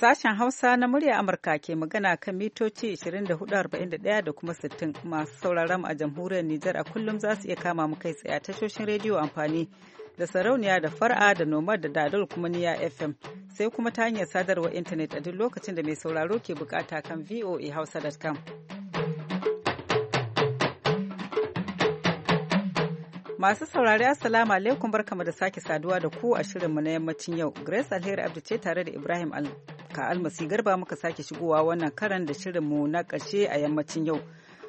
Sashen Hausa na murya Amurka ke magana kan mitoci 24,41 da kuma 60 masu sauraron a jamhuriyar Nijar a kullum za su iya kama mu kai tsaye a tashoshin rediyo amfani da sarauniya da far'a da nomad da dadol kuma niya FM sai kuma ta hanyar sadarwar intanet a duk lokacin da mai sauraro ke bukata kan voahausa.com. Masu saurari Assalamu alaikum barkamu da sake saduwa da ku a shirinmu na yammacin yau. Grace Alheri Abdu ce tare da Ibrahim Ka Almasi Garba muka sake shigowa wannan karan da shirinmu na karshe a yammacin yau.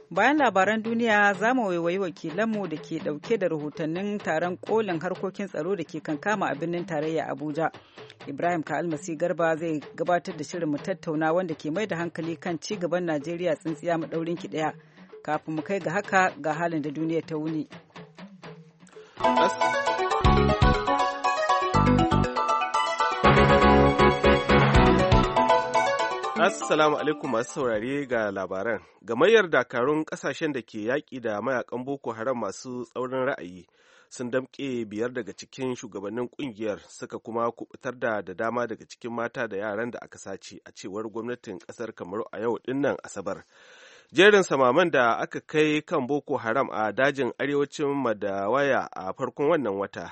Bayan labaran duniya za mu waiwayi wakilanmu da ke ɗauke da rahotannin taron kolin harkokin tsaro da ke kankama a birnin tarayya Abuja. Ibrahim Ka Garba zai gabatar da shirin mu tattauna wanda ke mai da hankali kan ci gaban Najeriya tsintsiya maɗaurin ki ɗaya. Kafin mu kai ga haka ga halin da duniya ta wuni. Assalamu alaikum masu saurare ga labaran. Gamayyar dakarun kasashen da ke yaƙi da mayakan Boko Haram masu tsaurin ra'ayi sun damƙe biyar daga cikin shugabannin ƙungiyar suka kuma kubutar da da dama daga cikin mata da yaran da aka sace a cewar gwamnatin ƙasar Kamaru a yau dinnan Asabar. jerin samaman da aka kai kan boko haram a dajin arewacin madawaya a farkon wannan wata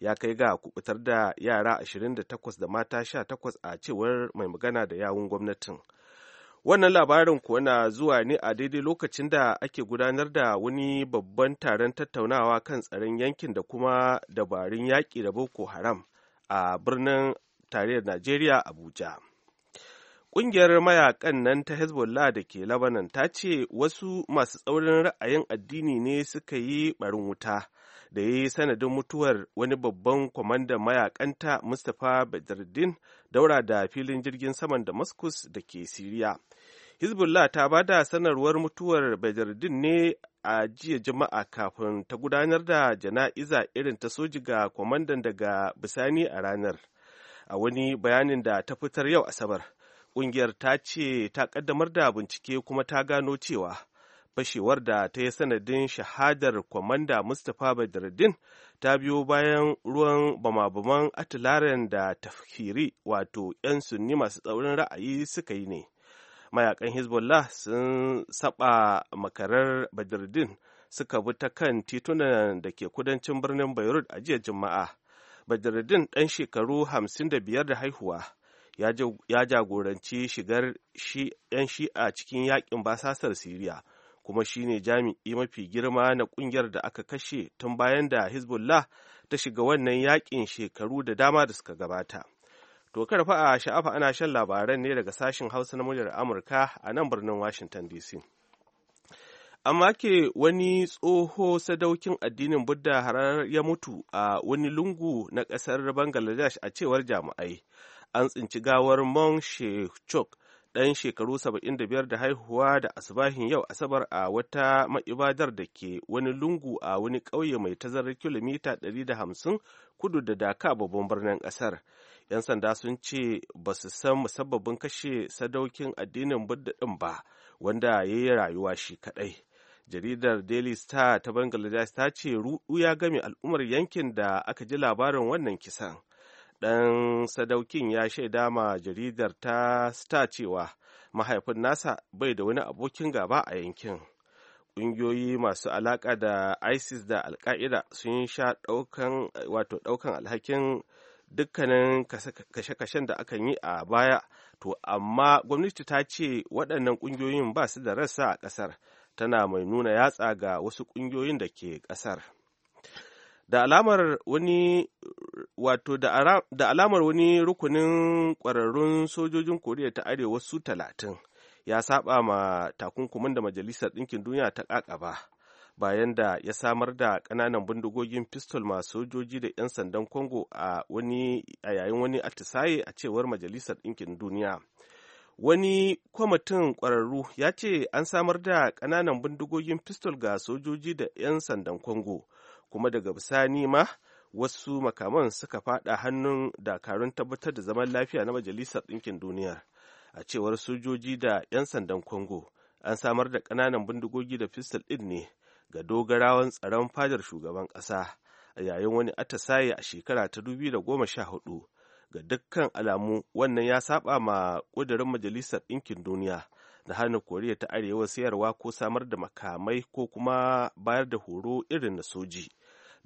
ya kai ga kubutar da yara 28 da mata 18 a cewar mai magana da yawun gwamnatin wannan labarin kuwa na zuwa ne a daidai lokacin da ake gudanar da wani babban taron tattaunawa kan tsaron yankin da kuma dabarun yaƙi da boko haram a birnin tarayyar najeriya abuja Ƙungiyar mayakan nan ta Hezbollah da ke Labanan ta ce wasu masu tsaurin ra'ayin addini ne suka yi ɓarin wuta da ya yi sanadin mutuwar wani babban kwamandan mayakanta Mustapha Badruddin daura da filin jirgin saman Damascus da ke Siriya. Hezbollah ta ba da sanarwar mutuwar Badruddin ne a jiya jama'a kafin ta gudanar da jana'iza irin ta soji ga kwamandan daga bisani a ranar a wani bayanin da ta fitar yau asabar Ƙungiyar ta ce ta ƙaddamar da bincike kuma ta gano cewa fashewar da ta yi sanadin shahadar kwamanda Mustapha Badruddin ta biyo bayan ruwan bama-baman atilaren da tafkiri wato 'yan sunni masu tsaurin ra'ayi suka yi ne. Mayakan Hezbollah sun saba makarar Badruddin suka bi ta kan titunan da ke kudancin birnin Beirut a jiya Juma'a. Badruddin ɗan shekaru hamsin da biyar da haihuwa. ya jagoranci shigar 'yan shi'a cikin yakin basasar siriya kuma shine jami'i mafi girma na kungiyar da aka kashe tun bayan da hezbollah ta shiga wannan yakin shekaru da dama da suka gabata to karfa a sha'afa ana shan labaran ne daga sashen hausa na muryar amurka a nan birnin washington dc amma ke wani tsoho sadaukin addinin buddha harar ya mutu a wani lungu na ƙasar bangladesh a cewar jami'ai an tsinci gawar mon Shechok ɗan shekaru 75 da haihuwa da asibahin yau asabar a wata ma'ibadar da ke wani lungu a wani ƙauye mai tazarar kilomita 150 kudu da daka babban birnin ƙasar. 'Yan sanda sun ce ba su san musabbabin kashe sadaukin addinin Budda ɗin ba, wanda ya yi rayuwa shi kaɗai. Jaridar Daily Star ta Bangladesh ta ce ruɗu ya game al'ummar yankin da aka ji labarin wannan kisan. ɗan sadaukin ya shaida ma jaridar ta sta cewa mahaifin nasa bai da wani abokin gaba a yankin ƙungiyoyi masu alaƙa da isis da alka'ida sun sha ɗaukan alhakin dukkanin kashe-kashen da akan yi a baya to amma gwamnati ta ce waɗannan ƙungiyoyin ba su da rassa a ƙasar tana mai nuna yatsa ga wasu ƙungiyoyin da ke ƙasar. da alamar wani wato da alamar wani rukunin kwararrun sojojin koriya ta arewa su talatin ya saba ma takunkumin da majalisar ɗinkin duniya ta ƙaƙaba bayan da ya samar da ƙananan bindigogin pistol masu sojoji da 'yan sandan congo a yayin wani atisaye a cewar majalisar ɗinkin duniya wani kwamitin ƙwararru ya ce an samar da ƙananan bindigogin pistol ga sojoji da 'yan sandan congo kuma daga bisani ma wasu makaman suka fada hannun dakarun tabbatar da zaman lafiya na majalisar ɗinkin duniya a cewar sojoji da 'yan sandan congo an samar da ƙananan bindigogi da fistal ɗin ne ga dogarawan tsaron fadar shugaban ƙasa a yayin wani atasaye a shekara ta dubi da goma sha 2014 ga dukkan alamu wannan ya saba ma ƙudurin majalisar ɗinkin duniya na hana koriya ta arewa sayarwa ko samar da makamai ko kuma bayar da horo irin na soji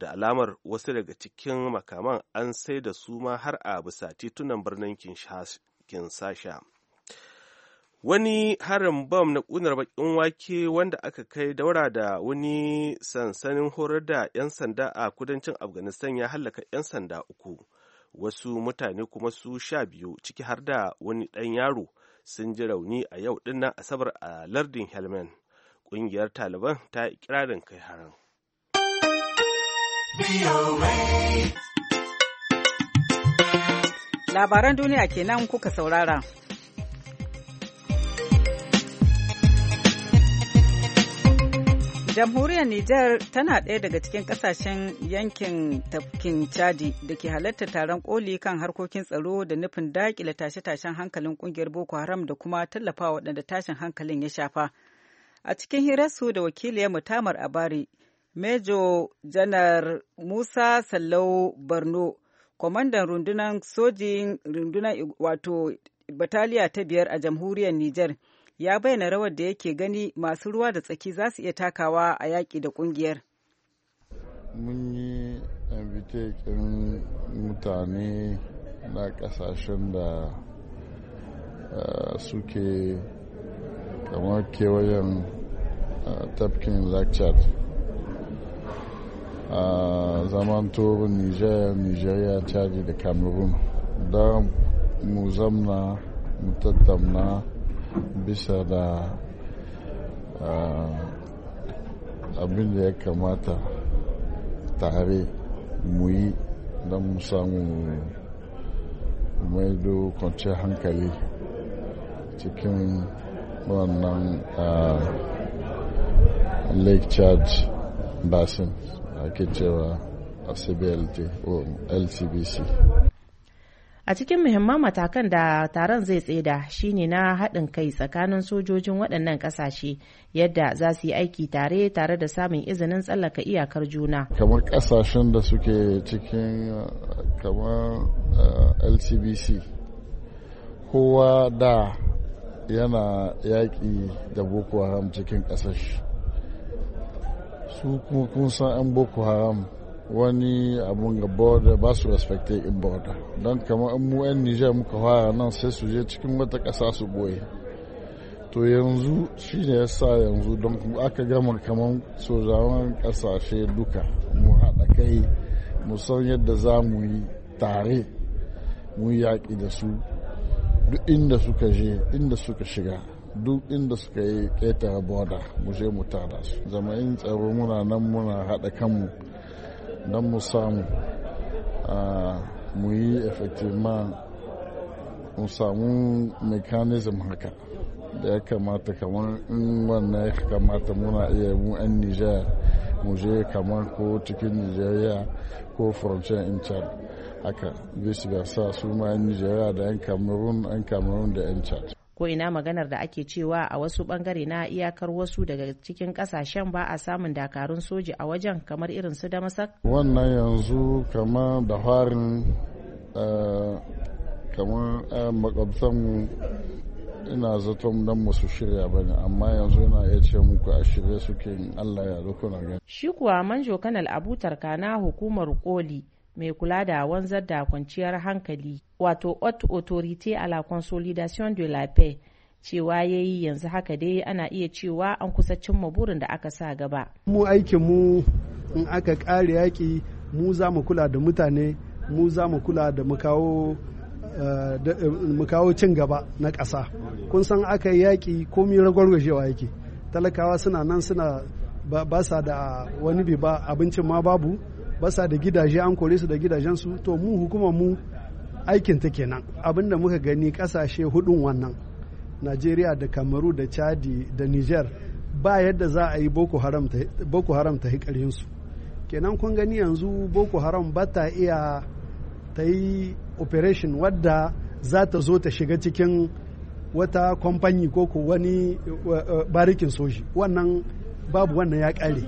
da alamar wasu daga cikin makaman an sai da su ma har a bisa titunan birnin kinsasha wani harin bam na ƙunar bakin wake wanda aka kai daura da wani sansanin horar da 'yan sanda a kudancin afghanistan ya hallaka 'yan sanda uku wasu mutane kuma su sha biyu ciki har da wani ɗan yaro sun ji rauni a yau dinnan asabar a lardin helmand ƙungiyar taliban ta yi kirarin kai harin Labaran duniya kenan kuka saurara. Jamhuriyar Nijar tana ɗaya daga cikin ƙasashen yankin tafkin Chadi da ke halarta taron koli kan harkokin tsaro da nufin daƙile tashe-tashen hankalin ƙungiyar Boko Haram da kuma tallafa waɗanda tashin hankalin ya shafa. A cikin hirarsu da wakiliyar Mutamar Abari, Mejo Janar Musa Sallau Barno, kwamandan rundunar sojin rundunar wato bataliya ta biyar a jamhuriyar Nijar, ya bayyana rawar da yake gani masu ruwa da tsaki za su iya takawa a yaƙi da ƙungiyar. Mun yi invitekin mutane na ƙasashen da eh, suke kamar kewayen eh, tafkin Lake a zamanto niger nigeria chadi da cameroon da mu zamna mu bisa da abin da ya kamata tare mu yi don mu samu maido kwanciyar hankali cikin wannan lake charge basin ake cewa cblt o lcbc a cikin muhimman matakan da taron zai tseda shine na haɗin kai tsakanin sojojin waɗannan ƙasashe yadda za su yi aiki tare tare da samun izinin tsallaka iyakar juna kamar ƙasashen da suke cikin kamar eh, lcbc kowa da yana yaƙi da boko haram cikin ƙasashe su kuma kun san an boko haram wani abun ga border ba su respecte in border don kamar an mu 'yan nijar muka fara nan sai su je cikin wata ƙasa su boye to yanzu shi ne ya sa yanzu don aka gama kamar sojawan ƙasashe duka mu haɗa kai mu san yadda za mu yi tare mu yaƙi da su duk inda suka je inda suka shiga duk inda suka yi keta boda mu je mu tada su in tsaro muna nan muna haɗa kanmu don mu samu mu yi effectivement mu samu mechanism haka da ya kamata kamar in wannan ya kamata muna iya mu 'yan nijar mu je kamar ko cikin nigeria ko frontier in chad haka bisa sa su ma 'yan da 'yan cameroon 'yan cameroon da 'yan chad ko ina maganar da ake cewa a wasu bangare na iyakar wasu daga cikin kasashen ba a samun dakarun soji a wajen kamar irin su masar wannan yanzu kama da harin eh, kamar eh, makwabtan ina zato don musu shirya ba ne amma yanzu yana iya ce muku a shirye suke allah ya kuna gani shi kuwa manjo kanal abu tarkana hukumar koli mai kula da wanzar da kwanciyar hankali wato haute autorité à la consolidation de la paix cewa ya yi yanzu haka dai ana iya cewa an kusa cimma burin da aka sa gaba. Mu aikin mu in aka ƙare yaƙi mu za mu kula da mutane mu za mu kula da mu eh, eh, cin gaba na ƙasa. Kun san aka yi yaƙi komi ragwargwajewa yake. Talakawa suna nan suna ba sa da wani bi ba abincin ma babu basa da gidaje an kore su da su to mu hukumar mu aikin ta kenan abin da muka gani kasashe hudun wannan najeriya da kamaru da chadi da niger ba yadda za a yi boko haram ta su kenan kun gani yanzu boko haram ba ta iya ta yi operation wadda za ta zo ta shiga cikin wata kwamfani ko wani eh, eh, barikin soji wannan babu wannan ya ƙare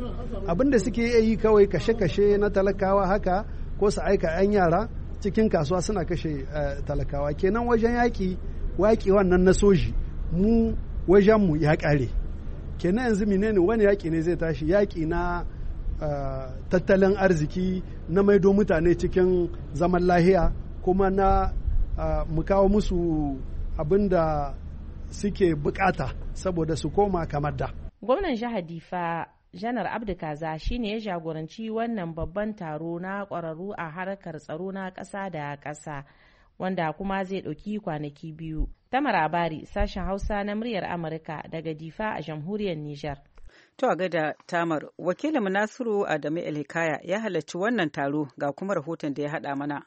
abin da suke yi kawai kashe-kashe na talakawa haka ko su aika 'yan yara cikin kasuwa suna kashe eh, talakawa kenan wajen yaƙi waƙi wannan na soji mu wajenmu ya ƙare kenan yanzu menene wani yaƙi ne zai tashi yaƙi na eh, tattalin arziki na maido mutane cikin zaman lahiya kuma na eh, mu kawo musu abin da suke bukata saboda su koma kamar da. gwamnan jihar difa janar abdulkaza shine ya jagoranci wannan babban taro na ƙwararru a harkar tsaro na ƙasa da ƙasa wanda kuma zai ɗauki kwanaki biyu tamar abari sashen hausa na muryar amurka daga difa a jamhuriyar nijar to a gada tamar wakilin nasiru adamu elhikaya ya halarci wannan taro ga kuma rahoton da ya haɗa mana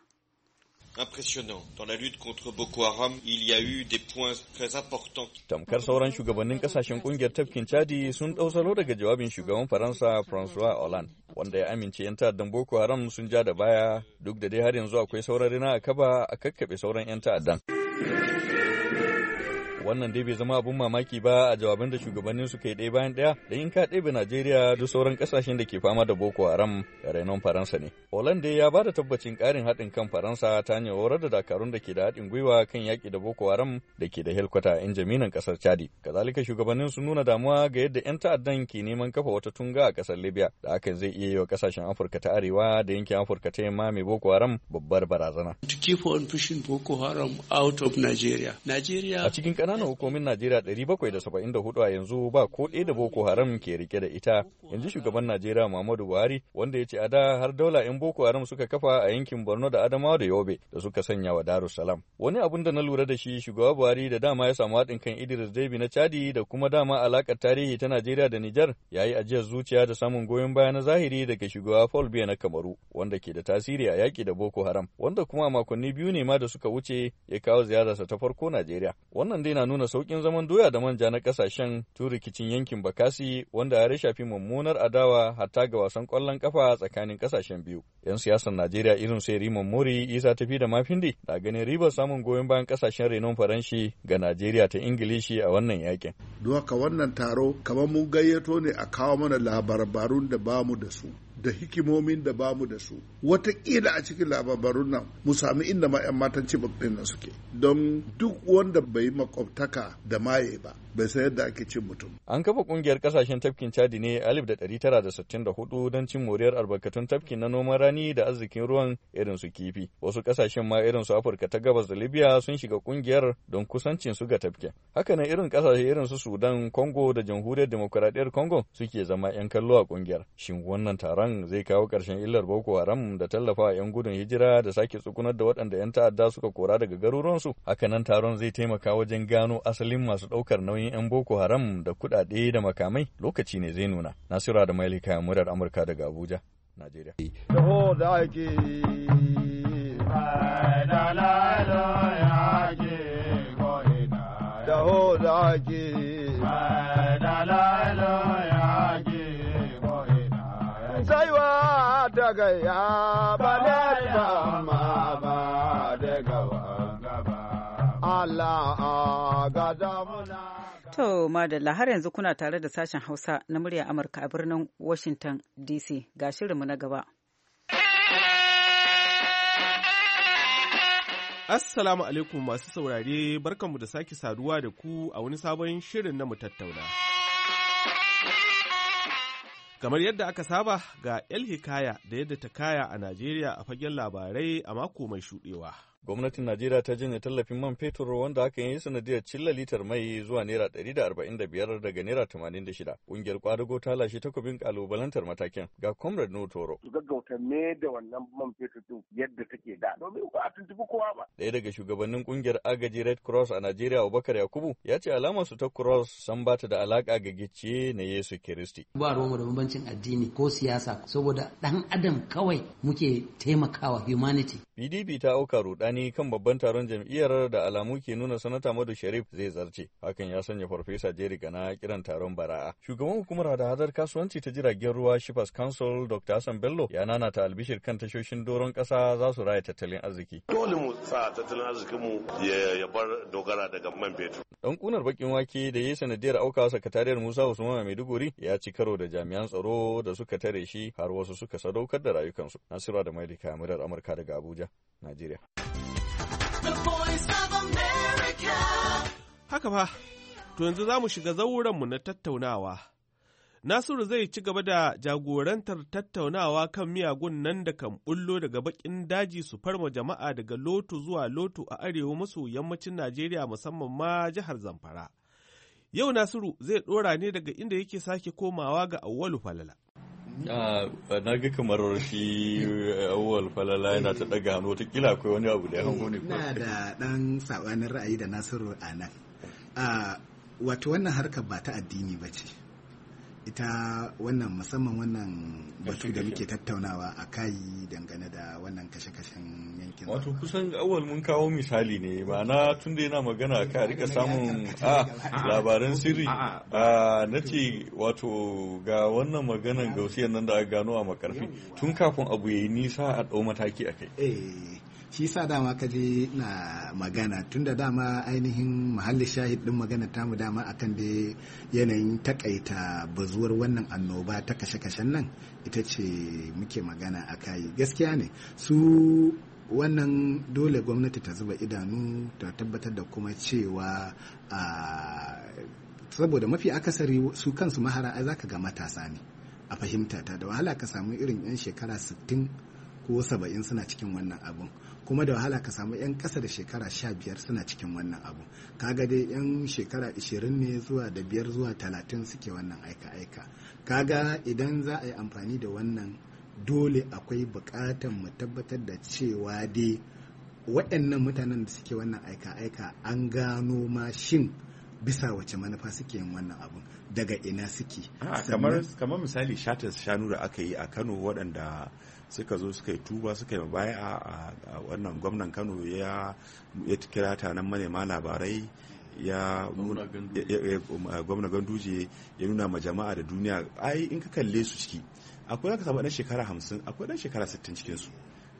impressionnant. Dans la lutte contre Boko Haram, il y a eu des points très importants. Tamkar sauran shugabannin kasashen kungiyar tafkin Chadi sun dau salo daga jawabin shugaban Faransa Francois Hollande wanda ya amince yan ta'addan Boko Haram sun ja da baya duk da dai har yanzu akwai sauran rina a kaba a kakkaɓe sauran yan ta'addan. Wannan dai bai zama abin mamaki ba a jawaban da shugabannin su kai ɗaya bayan ɗaya da in ka ɗebe Najeriya da sauran kasashen da ke fama da Boko Haram da rainon Faransa ne. Hollande ya ba da tabbacin ƙarin haɗin kan Faransa ta hanyar horar da dakarun da ke da haɗin gwiwa kan yaƙi da Boko Haram da ke da helkwata in jaminan ƙasar Chadi. Kazalika shugabannin su nuna damuwa ga yadda 'yan ta'addan ke neman kafa wata tunga a ƙasar Libya da hakan zai iya yi wa kasashen Afirka ta Arewa da yankin Afirka ta Yamma mai Boko Haram babbar barazana. To keep on pushing Boko Haram out of Nigeria. Nigeria. A cikin ƙananan hukumin Najeriya da 774 a yanzu ba ko ɗaya da Boko Haram ke rike da ita, yanzu shugaban Najeriya Muhammadu Buhari wanda ya ce a da har daula 'yan Boko Haram suka kafa a yankin Borno da Adamawa da Yobe da suka sanya wa Darussalam. Wani abun da na lura da shi shugaba Buhari da dama ya samu haɗin kan Idris Debi na Chadi da kuma dama alaƙar tarihi ta Najeriya da Nijar ya yi ajiyar zuciya da samun goyon baya na zahiri daga shugaba Paul Biya na Kamaru wanda ke da tasiri a yaƙi da Boko Haram wanda kuma a makonni biyu ne ma da suka wuce ya kawo ziyararsa ta farko Najeriya. Wannan dai na nuna sauƙin zaman doya da manja na kasashen tun rikicin yankin Bakasi wanda ya shafi mummunar adawa hatta ga wasan kwallon ƙafa tsakanin ƙasashen biyu. 'Yan siyasar Najeriya irin sai Riman Mori, Isa Tafi da Mafindi da ganin ribar samun goyon bayan ƙasashen renon Faranshi ga Najeriya ta Ingilishi a wannan yakin. Duka wannan taro kamar mun gayyato ne a kawo mana labarbarun da bamu da su. da hikimomin da bamu da su wataƙila a cikin labarun nan mu sami inda ma matan cibok suke don duk wanda bai makwabtaka da maye ba bai sayar da ake cin mutum. An kafa kungiyar kasashen tafkin Chadi ne 1964 don cin moriyar albarkatun tafkin na noman rani da arzikin ruwan irin su kifi. Wasu kasashen ma irin su Afirka ta Gabas da Libya sun shiga kungiyar don kusancin su ga tafkin. Haka nan irin kasashe irin su Sudan, Congo da Jamhuriyar Demokuraɗiyyar Congo suke zama 'yan kallo a kungiyar. Shin wannan taron zai kawo ƙarshen illar Boko Haram da tallafa 'yan gudun hijira da sake tsukunar da waɗanda 'yan ta'adda suka kora daga garuruwansu? Haka nan taron zai taimaka wajen gano asalin masu ɗaukar nauyin tsakanin 'yan Boko Haram da kuɗaɗe da makamai lokaci ne zai nuna. Nasira da kayan murar Amurka daga Abuja, Najeriya. Allah a gaza To, Madalla, har yanzu kuna tare da sashen Hausa na murya Amurka a birnin Washington DC ga shirinmu na gaba. Assalamu alaikum masu saurare, barkanmu da sake saduwa da ku a wani sabon shirin na mu tattauna. Kamar yadda aka saba ga El Hikaya da yadda ta kaya a Najeriya a fagen labarai a mako mai shuɗewa. gwamnatin najeriya ta janye tallafin man fetur wanda hakan yi sanadiyar cilla litar mai zuwa naira ɗari da arba'in da biyar daga naira tamanin da shida ƙungiyar kwadago ta lashe takobin kalubalantar matakin ga comrade no toro su gaggauta ne da wannan man fetur din yadda take da domin ba a tuntubi kowa ba ɗaya daga shugabannin ƙungiyar agaji red cross a najeriya abubakar yakubu ya ce alamar su ta cross san ba ta da alaƙa ga gicciye na yesu kiristi ba ruwa da bambancin addini ko siyasa saboda ɗan adam kawai muke taimakawa humanity pdp ta auka rudani tunani kan babban taron jam'iyyar da alamu ke nuna sanata Madu Sharif zai zarce. Hakan ya sanya farfesa Jerry Gana kiran taron bara'a. Shugaban hukumar hadahadar kasuwanci ta jiragen ruwa Shifas Council Dr. Hassan Bello ya nanata albishir kan tashoshin doron kasa za su raya tattalin arziki. Dole mu sa tattalin arzikin mu ya bar dogara daga man fetur. Dan kunar bakin wake da ya sanadiyar aukawa sakatariyar Musa Usman Maiduguri ya ci karo da jami'an tsaro da suka tare shi har wasu suka sadaukar da rayukansu. Nasira da Mailika Murar Amurka daga Abuja, Najeriya. Haka fa, to yanzu za mu shiga zauranmu na tattaunawa. Nasiru zai ci gaba da jagorantar tattaunawa kan miyagun nan da kan bullo daga bakin daji su farma jama'a daga lotu zuwa lotu a arewa maso yammacin Najeriya musamman ma jihar Zamfara. Yau Nasiru zai ɗora ne daga inda yake sake komawa ga Auwalu Falala. Ah, na ga kamar shi eh, awwal falala yana ta daga hannu ta kila akwai wani abu da ya hango ne eh, na da dan sabanin ra'ayi da nasiru a nan ah, wato wannan harkar ba ta addini ba ce ita wannan musamman wannan batu da muke tattaunawa a kai dangane da wannan kashe-kashen yankin wato kusan awal mun kawo misali ne ma'ana tun da yana magana ka rika samun labaran sirri a na ce wato ga wannan maganan gausiyar nan da aka gano a makarfi tun kafin abu ya yi nisa a ɗau mataki a kai shi sa dama ka je na magana tunda dama ainihin muhalli shahid din magana ta mu dama akan da yanayin takaita bazuwar wannan annoba ta kashe-kashen nan ita ce muke magana a kayi gaskiya ne su wannan dole gwamnati ta zuba idanu ta tabbatar da kuma cewa a saboda mafi akasari su kansu mahara a zaka ga matasa ne a fahimta ta da wahala ka samu irin 'yan shekara 60 ko 70 suna cikin wannan abun kuma da wahala ka samu 'yan ƙasa da shekara sha biyar suna cikin wannan abu kaga dai 'yan shekara ishirin ne zuwa da biyar zuwa talatin suke wannan aika-aika kaga idan za a yi amfani da wannan dole akwai buƙatan mu tabbatar da cewa dai waɗannan mutanen da suke wannan aika-aika an gano mashin. bisa wace manufa suke yin wannan abun daga ina suke kamar kamar misali shatas shanu da aka yi a Kano waɗanda suka zo suka yi tuba suka yi baya a wannan gwamnan Kano ya ya kira taron manema labarai ya um, gwamna ganduje ya nuna ma jama'a da duniya ai in ka kalle su ciki akwai aka samu dan shekara hamsin akwai dan shekara sittin cikin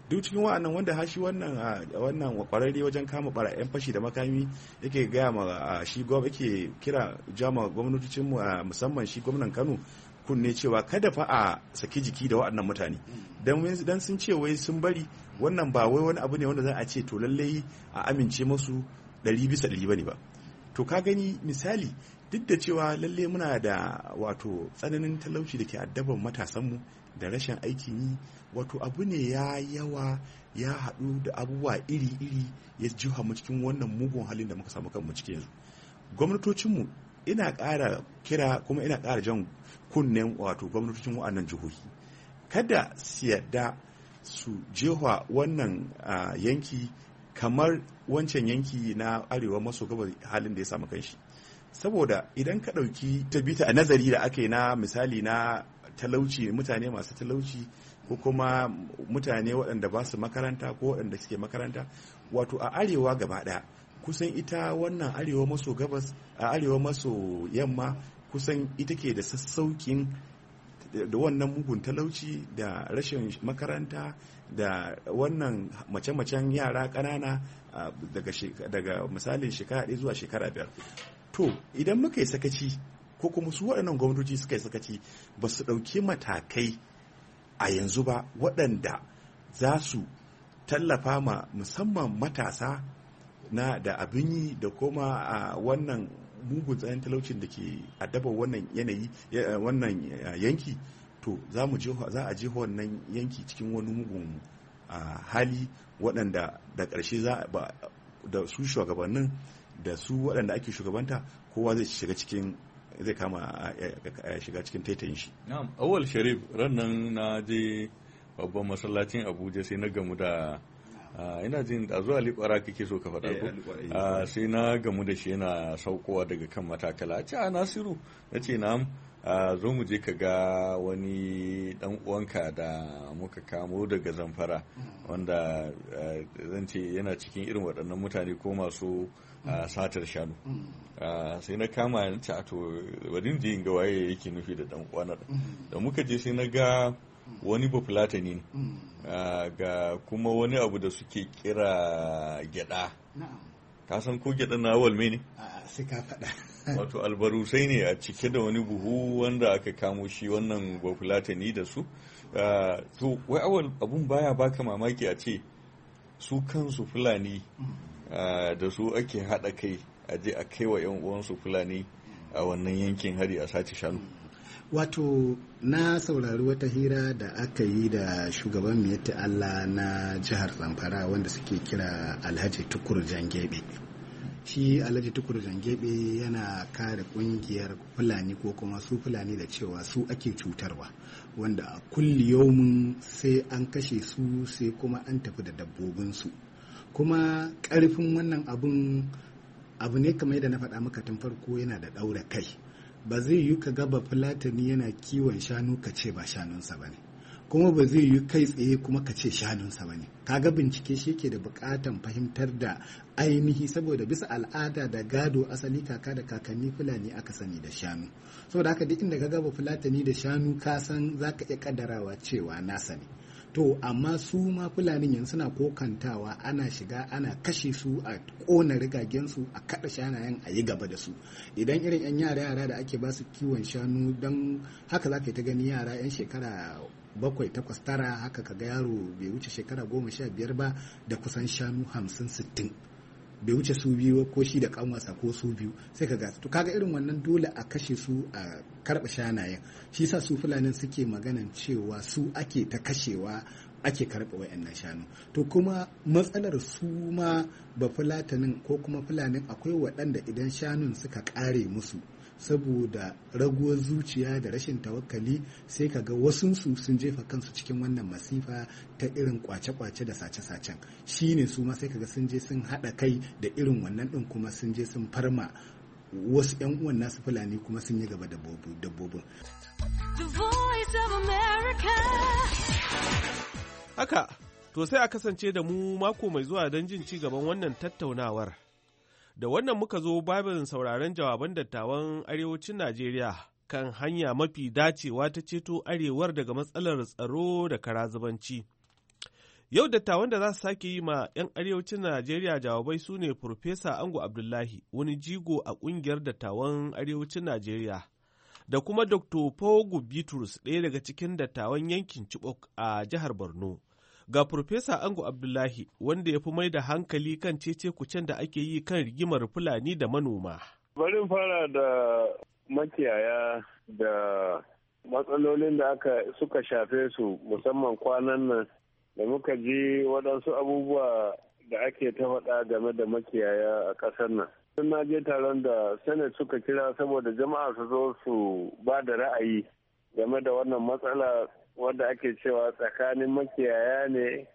duk cikin wa'annan wanda hashi wannan wannan kwararre wajen kama bara yan fashi da makami yake gaya ma shi yake kira jama gwamnatocin mu musamman shi gwamnan Kano kunne cewa kada fa a saki jiki da wa'annan mutane dan sun ce wai sun bari wannan ba wai wani abu ne wanda za a ce to lallai a amince masu ɗari bisa ɗari bane ba to ka gani misali duk da cewa lallai muna da wato tsananin talauci da ke addaban matasanmu da rashin aikin yi wato abu ne ya yawa ya haɗu da abubuwa iri-iri ya jiha mu cikin wannan mugun halin da muka samu kanmu cikin yanzu gwamnatocinmu ina ƙara kira kuma ina ƙara jan kunnen wato gwamnatocin wa'annan jihohi kada su yadda su jewa wannan yanki kamar wancan yanki na arewa maso gabas halin da ya samu kanshi saboda idan ka ɗauki ta bita a nazari da aka yi na misali na talauci mutane masu talauci ko kuma mutane waɗanda ba su makaranta ko waɗanda suke makaranta wato a arewa gaba ɗaya kusan ita wannan arewa maso gabas a arewa maso yamma kusan ita ke da sassaukin da wannan mugun talauci da rashin makaranta da wannan mace-macen yara ƙanana daga misalin shekara ɗaya zuwa shekara biyar to idan muka yi sakaci ko kuma su waɗannan gwamnati suka yi sakaci ba su ɗauki matakai a yanzu ba waɗanda za su tallafa ma musamman matasa na da abin yi da kuma a wannan mugun tsayin talaucin da ke addaba wannan yanayi wannan yanki to za a je wannan yanki cikin wani mugun hali waɗanda da ƙarshe za da su shugabannin da su waɗanda ake shugabanta kowa zai shiga cikin zai kama shiga cikin taitayin shi na'am awal sharif nan na je babban masallacin abuja sai na gamu da ina jin da zuwa libara kake so ka faɗa eh, ko eh, sai na gamu da shi yana saukowa daga kan matakala a ce a nasiru na ce na'am zo mu je ka ga wani ɗan uwanka da muka kamo daga zamfara mm. wanda zan ce yana cikin irin waɗannan mutane ko masu a satar shanu sai na kama ya ce a to wadin je in ga waye yake nufi da dan kwanar da muka je sai na ga wani bafulatani ne ga kuma wani abu da suke kira gyada ka san ko gyada na walme ne sai ka faɗa wato albarusai ne a cike da wani buhu wanda aka kamo shi wannan bafulatani da su to wai awal abun baya baka mamaki a ce su kansu fulani mm. da su ake haɗa kai a je a kai wa 'yan uwansu fulani a wannan yankin hari a sace shanu wato na saurari wata hira da aka yi da shugaban miyatta allah na jihar zamfara wanda suke kira alhaji tukur jangebe shi alhaji tukur jangebe yana kare kungiyar fulani ko kuma su fulani da cewa su ake cutarwa wanda a kulli sai an kashe su sai kuma an tafi da dabbobinsu kuma ƙarfin wannan abun abu ne kamar da na faɗa maka tun farko yana da ɗaura kai ba zai yi ka gaba fulatani yana kiwon shanu ka ce ba shanunsa ba ne kuma ba zai yi kai tsaye kuma ka ce shanunsa ba ne Ka ga bincike shi ke da buƙatan fahimtar da ainihi saboda bisa al'ada da gado asali kaka da kakanni fulani aka sani da shanu saboda haka duk inda ka gaba fulatani da shanu ka san za ka iya ƙaddarawa cewa nasa ne to amma su ma fulanin yanzu suna kokantawa ana shiga ana kashe su a ƙona rigagensu a kaɗa shanayen a yi gaba da su idan irin 'yan yara yara da ake ba su kiwon shanu don haka za ka yi ta gani yara 'yan shekara bakwai takwas tara haka ka ga yaro bai wuce shekara goma sha biyar ba da kusan shanu hamsin sittin bai wuce su biyu ko shi da kanwarsa ko su biyu sai ka ga to kaga irin wannan dole a kashe su a karɓa shanayen shi sa su fulanin suke maganan cewa su ake ta kashewa ake karɓa wayannan shanu to kuma matsalar su ma ba fulatanin ko kuma fulanin akwai waɗanda idan shanun suka ƙare musu saboda raguwar zuciya da rashin tawakkali sai ka ga wasunsu sun jefa kansu cikin wannan masifa ta irin kwace-kwace da sace-sacen shi ne su ma sai ka ga sun je sun haɗa kai da irin wannan ɗin kuma sun je sun farma wasu 'yan uwan nasu fulani kuma sun yi gaba dabbobin. Haka, to sai a kasance da mu mako mai zuwa don jin ci gaban wannan tattaunawar. Da wannan muka zo babin sauraron jawaban dattawan arewacin Najeriya kan hanya mafi dacewa ta ceto arewar daga matsalar tsaro da karazubanci. Yau dattawan da za su sake yi ma 'yan arewacin Najeriya jawabai su ne Farfesa Ango Abdullahi, wani jigo a ƙungiyar dattawan arewacin Najeriya, da kuma Dr. Pogu Bitrus, ɗaya daga cikin dattawan yankin Chibok a jihar Borno. Ga Profesa Ango Abdullahi wanda ya fi mai da hankali kan cece kucen da ake yi kan rigimar Fulani da manoma. Barin fara da makiyaya da matsalolin da aka suka shafe su musamman kwanan nan da muka ji waɗansu abubuwa da ake ta faɗa game da makiyaya a ƙasar nan. Sun na je taron da Senate suka kira saboda jama'a su zo su ba da ra'ayi game da wannan matsala wanda ake cewa tsakanin makiyaya ne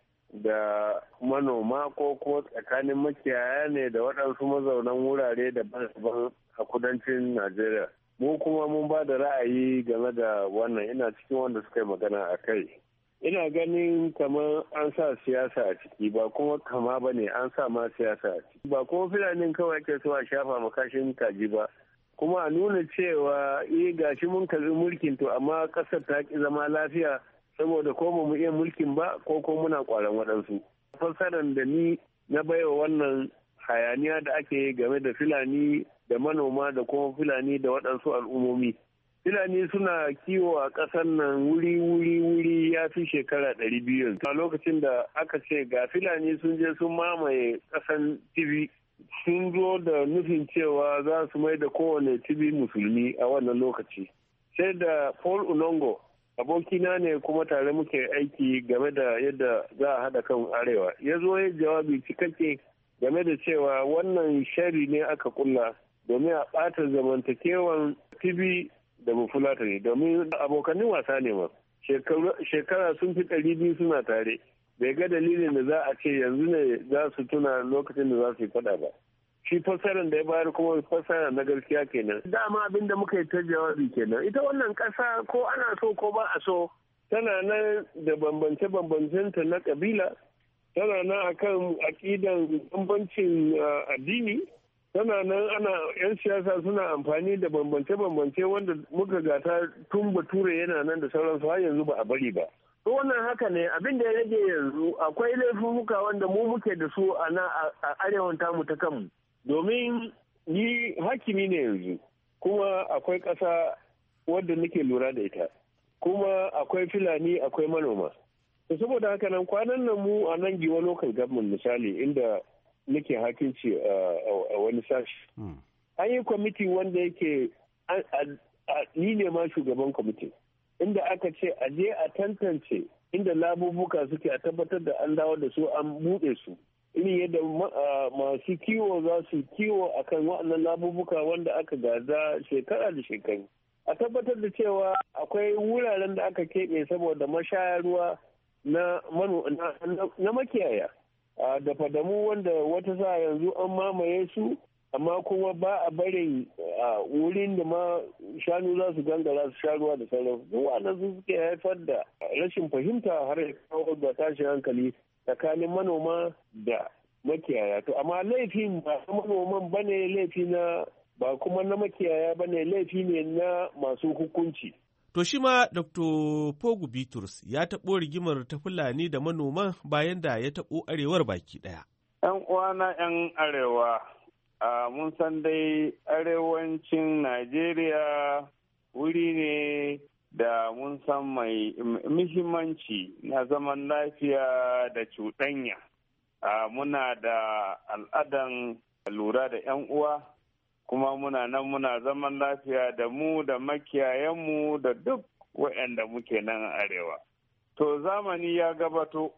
da manoma ko kuma tsakanin makiyaya ne da waɗansu mazaunan wurare daban-daban a kudancin najeriya mu kuma mun ba da ra'ayi game da wannan ina cikin wanda suka yi magana a kai ina ganin kamar an sa siyasa a ciki ba kuma kama ba ne an sa ma siyasa a ciki ba kuma filanin kawai ke so a shafa makashin kaji ba kuma a nuna cewa eh gashi mun karbi mulkin to amma ƙasar ta ki zama lafiya saboda ko mu iya mulkin ba ko ko muna kwaran waɗansu fassarar da ni na baiwa wannan hayaniya da ake game da filani da manoma da kuma filani da waɗansu al'ummomi filani suna kiwo a ƙasar nan wuri wuri wuri ya fi shekara ɗari biyu a lokacin da aka ce ga filani sun je sun mamaye ƙasan tv sun zo da nufin cewa za su mai da kowane tibi musulmi a wannan lokaci sai da paul unongo abokina ne kuma tare muke aiki game da yadda za a haɗa kan arewa ya zo ya jawabi cikakke game da cewa wannan shari ne aka kulla domin a ɓata zamantakewan tibi da mafulatani domin abokanin wasa ne ma shekara sun fi ɗari biyu suna tare bai ga dalilin da za a ce yanzu ne za su tuna lokacin da za su yi faɗa ba shi fasarin da ya bayar kuma fasara na gaskiya kenan dama abin da muka yi ta jawabi kenan ita wannan ƙasa ko ana so ko ba a so tana nan da bambance-bambancenta na ƙabila tana nan akan aƙidan bambancin addini tana nan ana 'yan siyasa suna amfani da bambance-bambance wanda muka gata tun bature yana nan da sauransu har yanzu ba a bari ba To wannan haka ne abin da ya rage yanzu akwai laifuka wanda mu muke da su a nan a arewan tamu ta kanmu. Domin ni hakimi ne yanzu kuma akwai ƙasa wadda nake lura da ita kuma akwai filani akwai manoma. To saboda haka nan kwanan nan mu a nan giwa local government misali inda nake hakinci a wani sashi. Hmm. An yi kwamiti wanda yake ni ne ma shugaban kwamitin. inda aka ce a je a tantance inda labubuka suke a tabbatar da an dawo da su an buɗe su irin yadda masu kiwo za su kiwo a kan waɗannan labubuka wanda aka gaza shekara da shekaru a tabbatar da cewa akwai wuraren da aka keɓe saboda mashayarwa ruwa na makiyaya da fadamu wanda wata sa yanzu an mamaye su amma kuma ba a barin wurin da ma shanu za su gangara su sha ruwa da sauran wannan su suke haifar da rashin fahimta har ya kawo da tashin hankali tsakanin manoma da makiyaya to amma laifin ba manoman ba ne laifi na ba kuma na makiyaya ba ne laifi ne na masu hukunci To shi ma Dr. Pogu Bitrus ya taɓo rigimar ta Fulani da manoman bayan da ya taɓo arewar baki ɗaya. ‘Yan uwa na ‘yan arewa mun san dai arewancin najeriya wuri ne da mun san mai muhimmanci na zaman lafiya da cuɗanya muna da al'adan lura da 'yan uwa kuma muna nan muna zaman lafiya da mu da makiyayenmu da duk waɗanda muke nan arewa to zamani ya gabato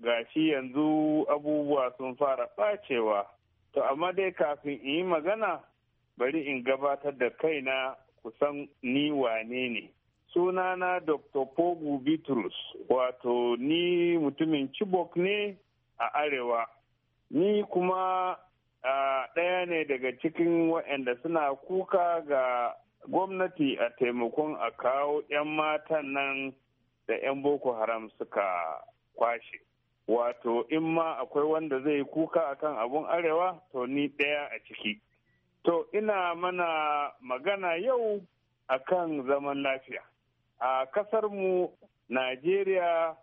gashi yanzu abubuwa sun fara ɓacewa To amma dai kafin in yi magana bari in gabatar da kaina kusan ni wane ne. Sunana Dr. Pogu Bitrus wato ni mutumin Chibok ne a Arewa. Ni kuma ɗaya ne daga cikin waɗanda suna kuka ga gwamnati a taimakon a kawo 'yan matan nan da 'yan Boko Haram suka kwashe. wato in ma akwai wanda zai yi kuka akan abun arewa to ni ɗaya a ciki to ina mana magana yau a kan zaman lafiya a kasar mu najeriya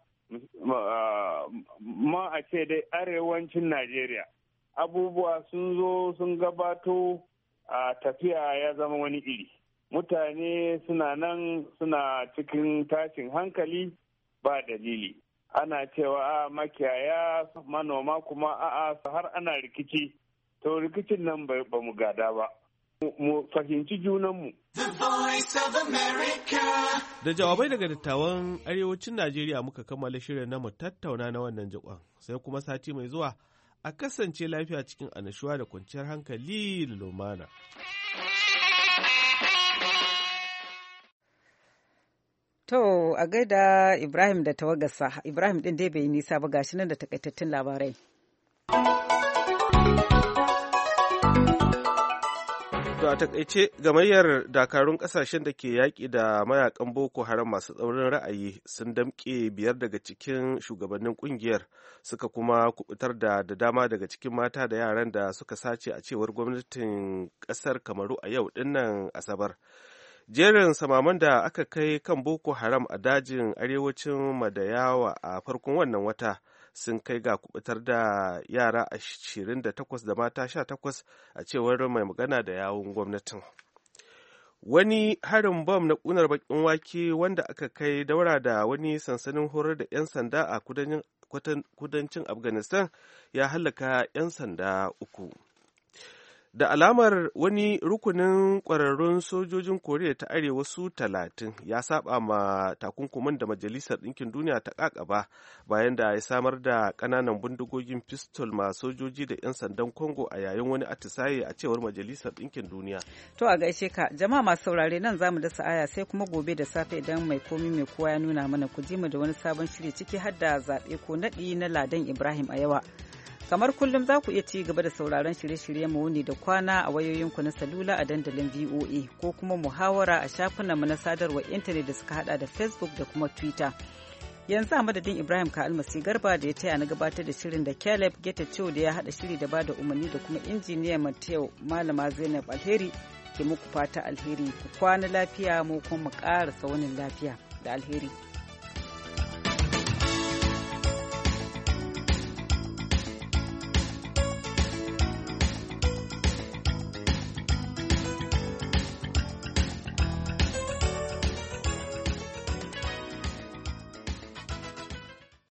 ma a ce dai arewacin najeriya abubuwa sun zo sun gabato a tafiya ya zama wani iri mutane suna nan suna cikin tashin hankali ba dalili ana cewa a ah, makiyaya manoma kuma a'a har ana rikici to rikicin nan ba mu gada ba mu fahimci junanmu da jawabai daga dattawan arewacin najeriya muka kammala shirin na mu tattauna na wannan jikon sai kuma sati mai zuwa a kasance lafiya cikin anashuwa da kwanciyar hankali da lumana. To a gaida Ibrahim da tawagarsa, Ibrahim ɗin dai bai nisa ba gashi nan da takaitattun labarai. To a takaice gamayyar dakarun kasashen da ke yaƙi da mayakan Boko Haram masu tsaurin ra'ayi sun damƙe biyar daga cikin shugabannin ƙungiyar suka kuma kubutar da da dama daga cikin mata da yaran da suka sace a cewar gwamnatin ƙasar Kamaru a yau dinnan Asabar. jerin samaman da aka kai kan boko haram a dajin arewacin madayawa a farkon wannan wata sun kai ga kubutar da yara ashirin da takwas da mata sha takwas a cewar mai magana da yawun gwamnatin wani harin bom na kunar bakin wake wanda aka kai daura da wani sansanin horar da 'yan sanda a kudancin afghanistan ya halaka 'yan sanda uku da alamar wani rukunin kwararrun sojojin koriya ta arewa su talatin ya saba ma takunkumin da majalisar ɗinkin duniya ta ba bayan da ya samar da ƙananan bindigogin pistol ma sojoji da 'yan sandan congo a yayin wani atisaye a cewar majalisar ɗinkin duniya to a gaishe ka jama'a masu saurare nan zamu da sa'aya sai kuma gobe da safe idan mai komi mai kowa ya nuna mana ku ji mu da wani sabon shiri ciki har da zaɓe ko naɗi na ladan ibrahim a yawa Kamar kullum za ku iya ci gaba da sauraron shirye shiryen mu wuni da kwana a wayoyinku na salula a dandalin VOA ko kuma muhawara a shafinanmu na sadarwar intanet da suka hada da Facebook da kuma Twitter. Yanzu a madadin Ibrahim ka almasi garba da ya taya na gabatar da shirin da Caleb Geta da ya hada shiri da bada umarni da kuma injiniya Mateo Malama Zainab Alheri ke muku fata alheri ku kwana lafiya mu kuma mu karasa wani lafiya da alheri.